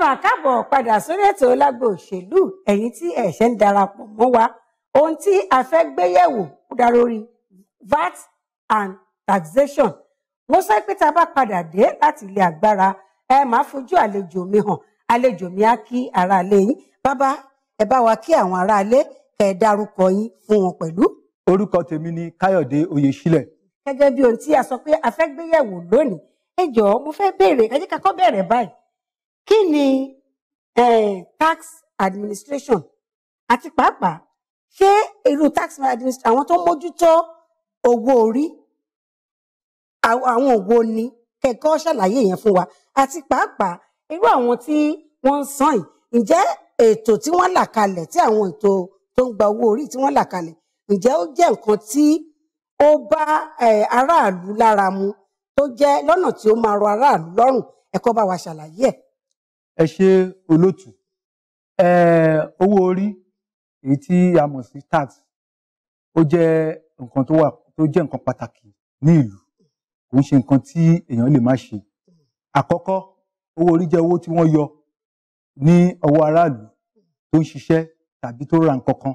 máa káàbọ̀ padà sórí ètò lágbo òṣèlú ẹ̀yin tí ẹ ṣe ń darapọ̀ mọ́ wa ohun tí a fẹ́ gbé yẹ̀wò dá lórí VAT and taxation mo sọ pé tá a bá padà dé láti ilé agbára ẹ máa fojú àlejò mi hàn àlejò mi á kí aráalé yín bàbá ẹ bá wa kí àwọn aráalé kẹ́ ẹ dárúkọ yín fún wọn pẹ̀lú. orúkọ tèmi ni káyọ̀dé oyèsílẹ̀. gẹ́gẹ́ bí ohun tí a sọ pé a fẹ́ gbé yẹ̀wò lónìí ẹ jọ̀ọ́ mo fẹ́ béèrè ẹ jẹ́ ká kọ́ bẹ̀rẹ̀ báyìí kí ni eh, tax administration àti pàápàá ṣé irú tax administration àwọn tó mójútó owó orí àwọn òwò ni kẹkọọ ṣàlàyé yẹn fún wa àti pàápàá irú àwọn tí wọ́n ń san yìí ǹjẹ́ ètò tí wọ́n là kalẹ̀ tí àwọn ètò tó ń gba owó orí tí wọ́n là kalẹ̀ ǹjẹ́ ó jẹ́ nǹkan tí ó bá eh, aráàlú lára mu tó jẹ́ lọ́nà tí ó máa rọ aráàlú lọ́rùn ẹ bá wa ṣàlàyé ẹ̀ ẹ ṣe olótù owó orí èyí tí a mọ̀ sí tax ó jẹ́ nǹkan tó wà tó jẹ́ nǹkan pàtàkì ní ìlú kò ń ṣe nǹkan tí èèyàn lè má ṣe àkọ́kọ́ owó orí jẹ́ owó tí wọ́n yọ ní ọwọ́ aráàlú tó ń ṣiṣẹ́ tàbí tó ra nǹkan kan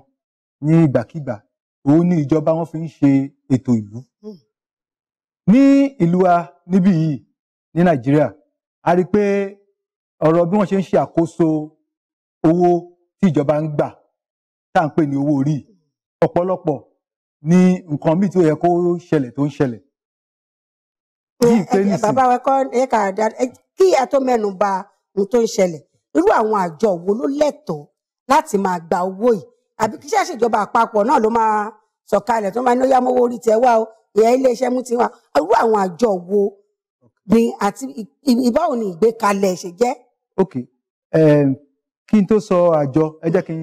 ní ìgbàkigbà òun ni ìjọba wọn fi ń ṣe ètò ìlú ní ìlú wa níbí yìí ní Nàìjíríà a rí i pé ọ̀rọ̀ bí wọ́n ṣe ń ṣe àkóso owó tí ìjọba ń gbà tá à ń pè ní owó orí ọ̀pọ̀lọpọ̀ ní nǹkan míì tí ó yẹ kó ṣẹlẹ̀ tó ń ṣẹlẹ̀. bàbá wa kọ́ ẹ kà dá kí ẹ tó mẹ́nu bà ohun tó ń ṣẹlẹ̀ irú àwọn àjọ wo ló lẹ́tọ̀ọ́ láti máa gba owó yìí àbí kí ṣẹ́ṣẹ́ ìjọba àpapọ̀ náà ló máa sọ̀kalẹ̀ tó máa ní ó mọ́wọ́ orí tẹ̀ wá o ìyá iléeṣẹ́ mú ti irú àwọn àjọ wo ni àti ìbáwo ìgbékalẹ̀ ṣe jẹ́ ok kí n tó sọ àjọ ẹ jẹ́ kí n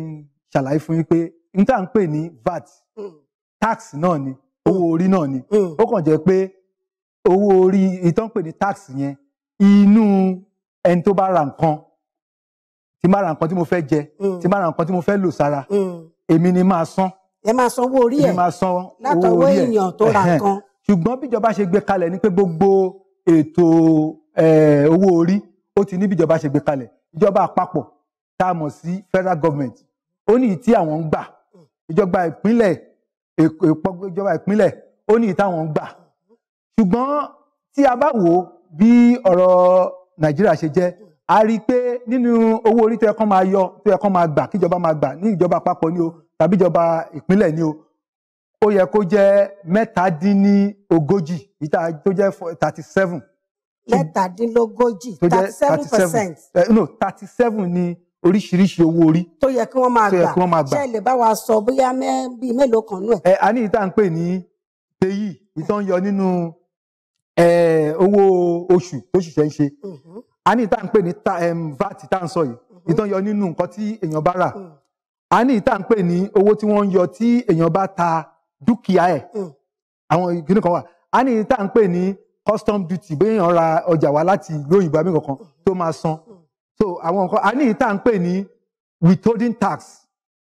ṣàlàyé fún yín pé n tá à ń pè ní VAT hmm. tax náà ni owó orí náà ni hmm. ó kàn jẹ́ pé owó orí ìtàn pè ní tax yẹn inú ẹni tó bá ra nǹkan tí má ra nǹkan tí mo fẹ́ jẹ hmm. tí má ra nǹkan tí mo fẹ́ lò sára èmi ni máa san ẹ máa san owó orí ẹ látọwọ́ èèyàn tó ra nǹkan. ṣùgbọ́n bíjọba ṣe gbé kalẹ̀ ni pé gbogbo ètò eh, owó orí ó ti ní bí ìjọba ṣe gbé kalẹ̀ ìjọba àpapọ̀ tá a mọ̀ sí federal government ó ní ìtí àwọn ń gbà ìjọba ìpínlẹ̀ ìjọba ìpínlẹ̀ ó ní ìtí àwọn ń gbà ṣùgbọ́n tí a bá wò ó bí ọ̀rọ̀ nàìjíríà ṣe jẹ́ a rí i pé nínú owó orí tó yẹ kán máa yọ tó yẹ kán máa gbà kíjọba máa gbà ní ìjọba àpapọ̀ ni o tàbí ìjọba ìpínlẹ̀ ni o ó yẹ kó jẹ́ mẹ́tàdínní ogójì ìta tó jẹ́ thirty seven mẹ́tàdínlógójì thirty seven percent. Eh, no thirty seven ni oríṣiríṣi owó orí. tó yẹ kí wọ́n máa gbà ṣe lè bá wa sọ bóyá bíi mélòó kan nù ẹ̀. ẹ eh, a ní ìta ń pè ní payee ìtàn yọ nínú eh, owó oṣù tó ṣiṣẹ́ ń ṣe mm-hmm. a ní ìta ń pè ní vat tá à ń sọ yìí ìtàn mm-hmm. yọ nínú nǹkan tí èèyàn bá rà mm. a ní ìta ń pè ní owó tí wọ́n ń yọ tí èèyàn bá ta dúkìá ẹ̀ mm. àwọn ìgbìnnìkan wà custom duty bẹ́ẹ̀ yàn ra ọjà wá láti ìlú òyìnbó àbí kankan tó máa san so àwọn nǹkan a ní ìta ń pè ní withholding tax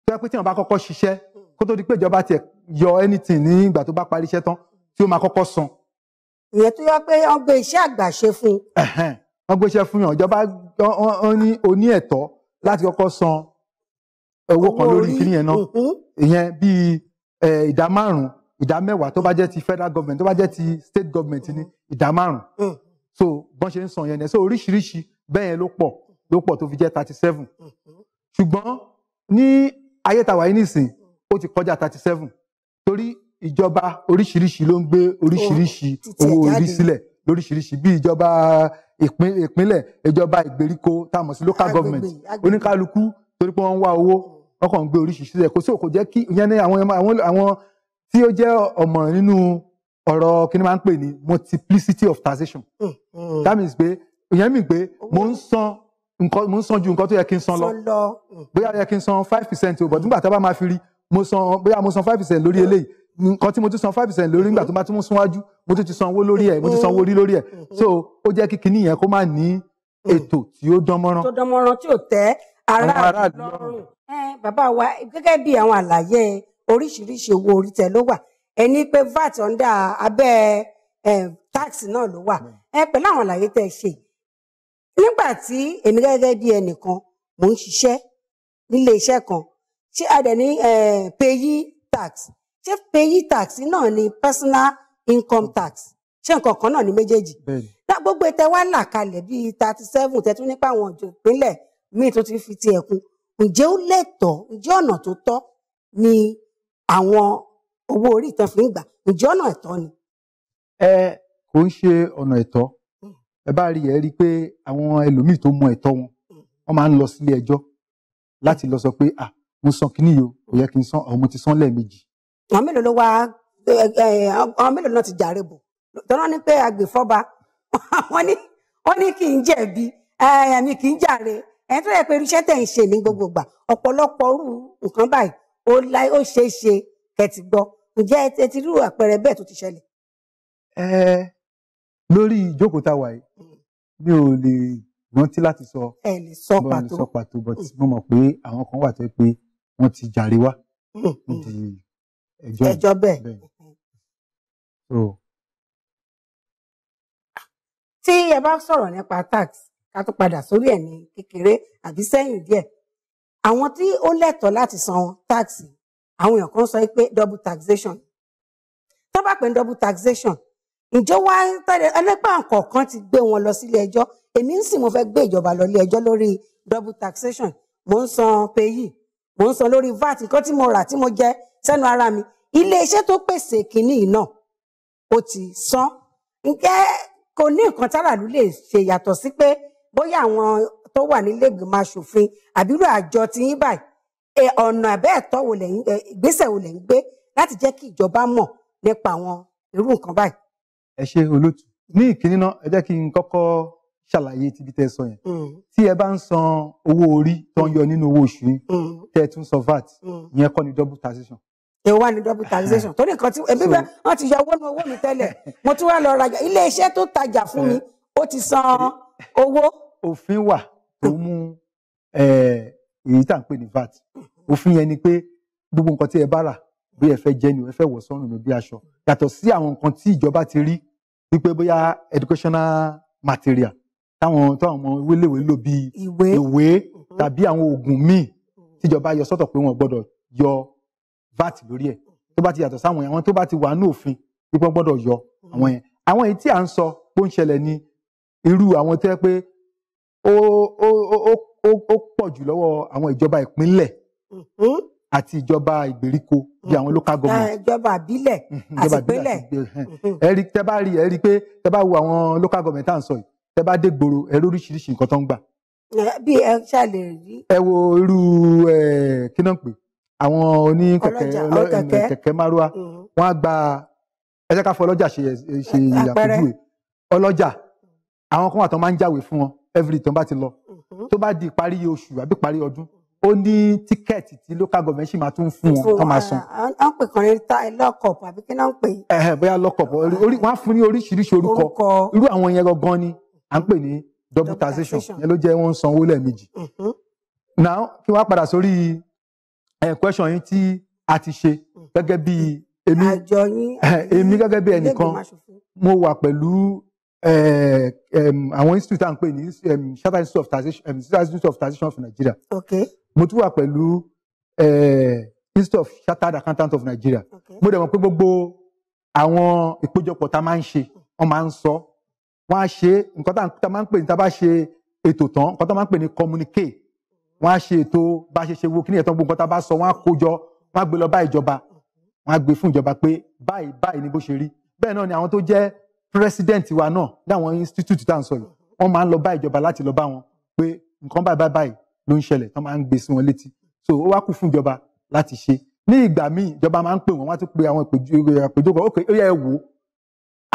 tó yẹ pé tí wọn bá kọ́kọ́ ṣiṣẹ́ kó tó di pé ìjọba tiẹ̀ yọ anything ní ìgbà tó bá parí iṣẹ́ tán tí ó máa kọ́kọ́ san. ìyẹn tó yọ pé wọn gbé iṣẹ́ àgbà ṣe fún. wọn gbé iṣẹ́ fún yàn ìjọba ní oní ẹ̀tọ́ láti kọ́kọ́ san owó kan lórí kíní náà mm-hmm. ìyẹn bíi ìdá márùn ìdá mẹ́wàá tó bá jẹ́ ti federal government tó bá jẹ́ ti state government ní ìdá márùn-ún hmm. so bọ́n ṣe ń san yẹn ní so oríṣiríṣi bẹ́ẹ̀ yẹn ló pọ̀ ló pọ̀ tó fi jẹ́ thirty seven hmm. ṣùgbọ́n ní ayé tàwa yìí nìsín ó ti kọjá thirty seven torí ìjọba oríṣiríṣi ló ń gbé oríṣiríṣi oh, owó orí sílẹ̀ lóríṣiríṣi bí ìjọba ìpínlẹ̀ ìjọba ìgbèríko tá sí local government oníkálukú torí pé wọ́n ń wá owó wọ́n kàn ń gbé oríṣiríṣi sílẹ̀ kò sí òkò jẹ́ kí ìyẹn ní àwọn tí ó jẹ́ ọmọ nínú ọ̀rọ̀ kí ni máa ń pè ní multiplicity of taxation hmm, hmm. that means pé ìyẹn mi pé mo ń san nǹkan mo ń san ju nǹkan tó yẹ kí n san lọ hmm. bóyá yẹ kí n san five percent o but nígbà tá a bá máa fi rí mo san bóyá mo san five percent lórí eléyìí nǹkan tí mo tún san five percent lórí nígbà tó bá tún mú súnwájú mo tún ti san owó lórí ẹ̀ mo tún san owó rí lórí ẹ̀ so ó jẹ́ kí kinní yẹn kó má ní ètò tí ó dán mọ́rán. tó dán mọ́rán tí ò tẹ́ aráàlú lọ́rùn bàbá wa gẹ́gẹ́ bí àwọn àlàyé oríṣiríṣi owó orí tẹ ló wà ẹni pé vat ọ̀ndà abẹ́ tax náà ló wà ẹ pẹ̀lú àwọn àlàyé tẹ ṣe nígbà tí èmi gẹ́gẹ́ bí ẹnìkan mò ń ṣiṣẹ́ nílé iṣẹ́ kan ṣé a ní payi tax ṣé payi tax náà ni personal income tax ṣé nǹkan kan náà ni méjèèjì gbogbo ètò wa là kalẹ̀ bíi thirty seven tẹ̀tún nípa àwọn ọ̀jọ̀ ìpínlẹ̀ míì tó ti fi ti ẹ̀kún ǹjẹ́ ó lẹ́tọ̀ọ́ ǹjẹ́ ọ̀nà tó tọ́ ni àwọn owó orí ìtàn fi ń gbà ǹjẹ́ ọ̀nà ẹ̀tọ́ ni. ẹ kò ń ṣe ọ̀nà ẹ̀tọ́ hmm. ẹ bá rí ẹ rí i pé àwọn ẹlòmíì tó mọ ẹ̀tọ́ wọn hmm. wọ́n máa ń lọ sílé ẹjọ́ láti lọ sọ pé ah mo san kíní yìí o kò yẹ kí n san àwọn mo ti san lẹ́ẹ̀mejì. àwọn mélòó ló wá àwọn mélòó náà ti jàre bò tọ́lá ní pé agbèfọ́ba wọ́n ní wọ́n ní jẹ̀bi ẹ̀mí kì í jàre ẹ̀ yẹ pé irúṣẹ́ tẹ̀ ń ṣe ní gbogbo ọ̀pọ̀lọpọ̀ irú nǹkan báyìí ó láì ó ṣeé ṣe kẹtì gbọ́ ǹjẹ́ ẹ ti rú àpẹẹrẹ bẹ́ẹ̀ tó ti ṣẹlẹ̀. ẹ lórí ìjókòó tá a wà yìí hmm. mi ò lè rántí láti sọ ẹ lè sọ pàtó sọ pàtó but hmm. mo mọ̀ pé àwọn kan wà tó pé wọ́n ti jàre wá hmm, di ẹjọ́ bẹ́ẹ̀ tí ẹ bá sọ̀rọ̀ nípa tax ká tó padà sórí ẹ̀ ní kékeré àbí sẹ́yìn díẹ̀ àwọn tí ó lẹ́tọ̀ọ́ láti san tax àwọn èèyàn kan sọ pé double taxation tó bá double taxation ǹjọ́ wá tẹ́lẹ̀ ẹlẹ́pàá kọ̀ọ̀kan ti gbé wọn lọ sílé ẹjọ́ èmi ń sìn mo fẹ́ gbé ìjọba lọ ilé ẹjọ́ lórí double taxation mo ń san payee mo ń san lórí VAT nǹkan tí mo rà tí mo jẹ sẹ́nu ara mi ilé iṣẹ́ tó pèsè kínní yìí náà ó ti san ǹjẹ́ kò ní nǹkan táràlú lè ṣe yàtọ̀ sí pé bóyá àwọn tó wà nílé ìgbìmọ̀ asòfin àbírò àjọ ti yín báyìí ọ̀nà àbẹ́ẹ̀tọ́ wo lẹ̀ ń ìgbésẹ̀ wo lẹ̀ ń gbé láti jẹ́ kí ìjọba mọ̀ nípa àwọn irú nǹkan báyìí. ẹ ṣe olóòtú ní ìkíní náà ẹ jẹ́ kí n kọ́kọ́ ṣàlàyé tibi tẹ́ sọ yẹn mm. tí ẹ bá ń san owó orí tó ń yọ nínú owó oṣù yín mm. tẹ́ ẹ tún san VAT mm. ìyẹn kọ́ ni double taxation èwo wá ní double taxation torí nǹkan tí ẹbí bẹ wọn ti yọ owó nu owó mi tẹ́lẹ̀ mo tún wá lọ rajà ilé iṣẹ́ tó tajà fún mi ó ti san owó. òfin wà tó mú èyí tá à ń pè ní VAT òfin yẹn ni pé gbogbo nǹkan tí ẹ bá rà bí ẹ fẹ́ jẹ ni ẹ fẹ́ wọ̀ sọ́rùn ní bí aṣọ yàtọ̀ sí àwọn nǹkan tí ìjọba ti rí wípé bóyá educational material táwọn táwọn ọmọ wéléwé lò bíi ìwé mhm. tàbí àwọn oògùn míì tíjọba yọ sọ́tọ̀ pé wọn gbọ́dọ̀ yọ VAT lórí ẹ̀ tó bá ti yàtọ̀ sáwọn àwọn tó bá ti wà ní òfin wípé wọn gbọ́dọ̀ yọ àwọn yẹn àwọn èyí tí à ń sọ pé ó ń ṣẹlẹ̀ ní irú àwọn tẹ́ pé ó ó ó ó pọ̀ jù lọ́wọ́ àwọn ìjọba ìpínlẹ̀ mm-hmm. àti ìjọba ìgbèríko bí àwọn local mm-hmm. government. Ah, ìjọba àbílẹ̀ mm-hmm, àti ìpínlẹ̀. ẹ rí tẹ bá rí ẹ rí pé tẹ bá wo àwọn local government tá à ń sọ yìí tẹ bá dé gbòòrò ẹ rí oríṣiríṣi nǹkan tó ń gbà. Eh, bí ẹ ṣàlè rí. ẹ wo irú kí náà pè àwọn oní kẹ̀kẹ́ kẹ̀kẹ́ márúwá wọ́n á gba ẹ jẹ́ ká fọ ọlọ́jà ṣe ṣe àpèjúwe ọlọ́jà àwọn kan wà tó máa ń jáwèé fún wọn every tó bá ti lọ mm-hmm. tó bá di parí oṣù àbí parí ọdún ó ní tíkẹ́ẹ̀tì tí local government ṣì máa tún fún wọn tó máa san. a ń pè kàn ní ta lọ́kọ̀ọ̀pù àbí kí náà ń pè. ẹhẹ bóyá lọ́kọ̀ọ̀pù orí wọn á fún ní oríṣiríṣi orúkọ irú àwọn yẹn gangan ni à ń pè ní double taxation yẹn ló jẹ́ wọ́n ń san lẹ́ẹ̀mejì. Mm-hmm. now kí wọ́n á padà sórí question yín tí a ti ṣe gẹ́gẹ́ bí mm-hmm. èmi gẹ́gẹ́ bí ẹnìkan mo wà pẹ̀lú Eh, àwọn institute tá à ń pè ní Chartered institute of taxation um, institute of taxation of Nigeria. Okay. mo tún wà pẹ̀lú eh, institute of Chartered accountant of Nigeria. Okay. mo dẹ̀ mọ̀ pé gbogbo àwọn ìpéjọpọ̀ tá a máa ń ṣe wọ́n máa ń sọ wọ́n á ṣe nǹkan tá a máa ń pè ní tá a bá ṣe ètò tán nǹkan tá a máa ń pè ní communique wọ́n á ṣe ètò bá a ṣe ṣe wo kí ni ẹ̀tọ́ gbogbo nǹkan tá a bá sọ wọ́n á kó jọ wọ́n á gbé president wa náà láwọn institute tá à ń sọ yìí wọ́n máa ń lọ bá ìjọba láti lọ bá wọn pé nǹkan báyìí báyìí ló ń ṣẹlẹ̀ tán máa ń gbé sí wọn létí so ó wá kù fún ìjọba láti ṣe ní ìgbà míì ìjọba máa ń pè wọ́n wá tún pe àwọn ìpèjọpọ̀ ok ó yẹ ẹ wò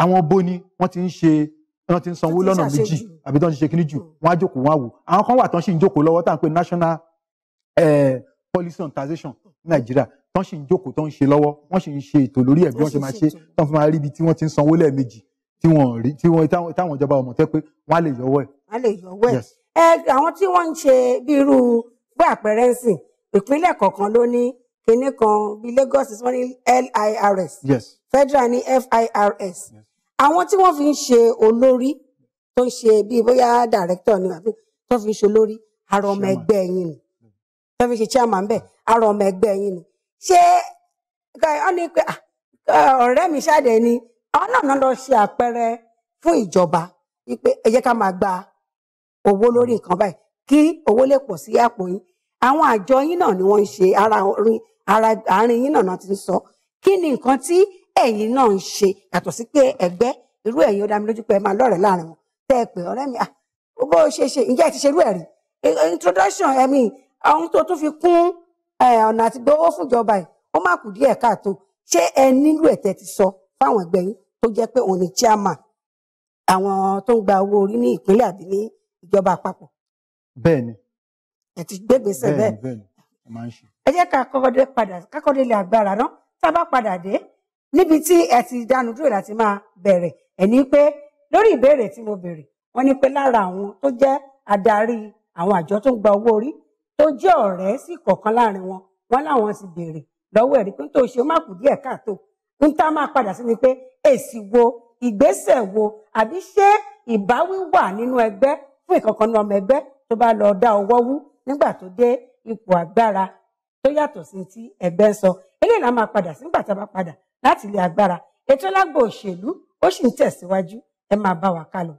àwọn bo ni wọ́n ti ń ṣe wọ́n ti ń sanwó lọ́nà méjì àbí tán ti ṣe kíní jù wọ́n á jókòó wọ́n á wò àwọn kan wà tán sì ń jókòó lọ́wọ́ tá à ń pè national eh, policy on taxation ní nàìjíríà tán sì ń jókòó tán ń ṣe lọ́wọ́ wọ́n sì ń ṣe ètò lórí ẹ̀ bí wọ́n máa ṣe tán fi máa rí ibi tí wọ́n ti ń sanwó lẹ́ẹ̀mejì tí wọ́n rí tí wọ́n táwọn ìjọba ọmọ tẹ́ pé wọ́n á lè yọwọ́ ẹ̀. wọ́n á lè yọwọ́ ẹ̀. ẹ àwọn tí wọ́n ń ṣe bí irú pé àpẹẹrẹ ń sìn ìpínlẹ̀ kọ̀ọ̀kan ló ní kinní kan bíi Lagos wọ́n ní LIRS yes. federal ní FIRS àwọn tí wọ́n fi ń ṣe olórí tó ń ṣe bíi bóyá director ni àbí tó fi ń ṣe olórí ara ọmọ ẹgbẹ́ yín ni tó fi ń ṣe chairman bẹ́ẹ̀ ara ọmọ ẹgbẹ́ yín ni ṣé ọ ní pé ah, ọ̀rẹ́ mi ṣáde ni àwọn náà lọ ṣe àpẹẹrẹ fún ìjọba wípé ẹ jẹ́ ká máa gba owó lórí nǹkan báyìí kí owó lè pọ̀ sí àpò yín àwọn àjọ yín náà ni wọ́n ń ṣe ara àárín yín náà ti ń sọ kí ni nǹkan tí ẹ̀yin náà ń ṣe yàtọ̀ sí pé ẹgbẹ́ irú ẹ̀yin ó dá mi lójú pé ẹ máa lọ́rẹ̀ẹ́ láàrin wọn tẹ́ ẹ pé ọ̀rẹ́ mi ah, bó ṣe ṣe ǹjẹ́ ẹ ti ṣerú ẹ̀ rí e, introduction ẹ̀mí ohun tó tún fi kún ọ̀nà àti gbowó fúnjọba yìí ó má kù díẹ̀ káàtó ṣé ẹ nílò ẹ̀tẹ̀ ti sọ fáwọn ẹgbẹ́ yín tó jẹ́ pé òun ni chairman àwọn tó ń gba owó orí ní ìpínlẹ̀ àbí ní ìjọba àpapọ̀. bẹ́ẹ̀ni. ẹ ti gbégbèsè bẹ́ẹ̀. bẹ́ẹ̀ni ẹ máa ń ṣe. ẹ jẹ́ ká kọ́kọ́dé padà kákọ́dé lè agbára náà tá a bá padà dé níbi tí ẹ ti dánu dúró láti máa bẹ̀rẹ̀ ẹ ní pé lórí ìbéèrè tí mo béèrè wọ́n ní pé lára àwọn tó jẹ́ adarí àwọn àjọ tó ń gba owó orí tó jẹ́ ọ̀rẹ́ sí kọ̀ọ̀kan láàrin wọn wọ́n láwọn ti béèrè lọ́wọ́ ẹ̀rí pé tó ṣe ó má kù díẹ̀ káàtó ń tá máa padà sí ni pé èsì wo ìgbésẹ̀ wo àbí ṣé ìbáwí wà nínú ẹgbẹ́ fún ìkankan ọmọ ẹgbẹ́ tó bá lọ dá ọwọ́ wú nígbà tó dé ipò agbára tó yàtọ̀ sí ti ẹgbẹ́ ń sọ eléyìí la máa padà sí nígbà tá a bá padà láti ilé agbára ètò lágbo òṣèlú ó sì ń tẹ̀síwájú ẹ máa bá wa kálọ.